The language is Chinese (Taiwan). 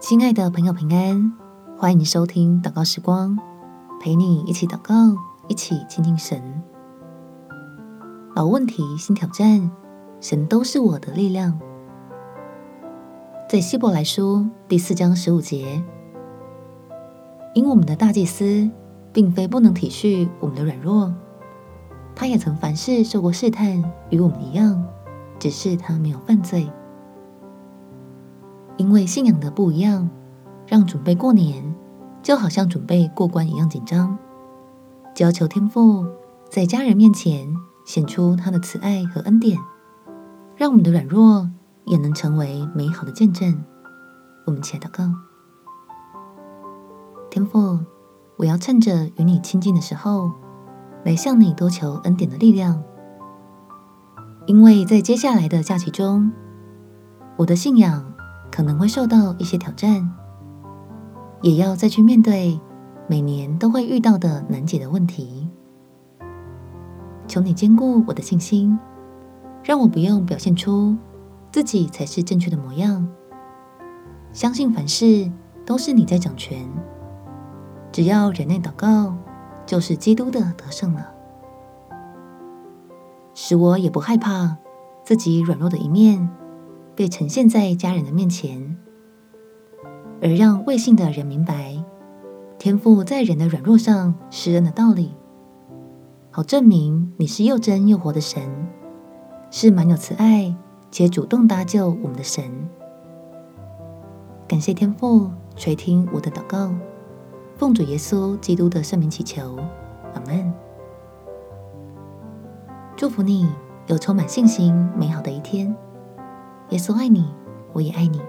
親愛的朋友，平安！歡迎收聽禱告時光，陪你一起禱告，一起親近神。老問題，新挑戰，神都是我的力量。在希伯來書第四章十五節，因我們的大祭司並非不能體恤我們的軟弱，他也曾凡事受過試探，與我們一樣，只是他沒有犯罪。因為信仰的不一樣，讓準備過年，就好像準備過關一樣緊張。只要求天父在家人面前顯出他的慈愛和恩典，讓我們的軟弱也能成為美好的見證。我們起來禱告，天父，我要趁着與你親近的時候，來向你多求恩典的力量，因為在接下來的假期中，我的信仰。可能會受到一些挑戰，也要再去面對每年都會遇到的難解的問題。求你堅固我的信心，讓我不用表現出自己才是正確的模樣。相信凡事都是你在掌權，只要忍耐禱告，就是基督的得勝了。使我也不害怕自己軟弱的一面。被呈現在家人的面前，而讓未信的人明白天父在人的軟弱上施恩的道理，好證明你是又真又活的神，是滿有慈愛且主動搭救我們的神。感謝天父垂聽我的禱告，奉主耶穌基督的聖名祈求，阿門。祝福你有充滿信心美好的一天。耶穌愛你，我也愛你。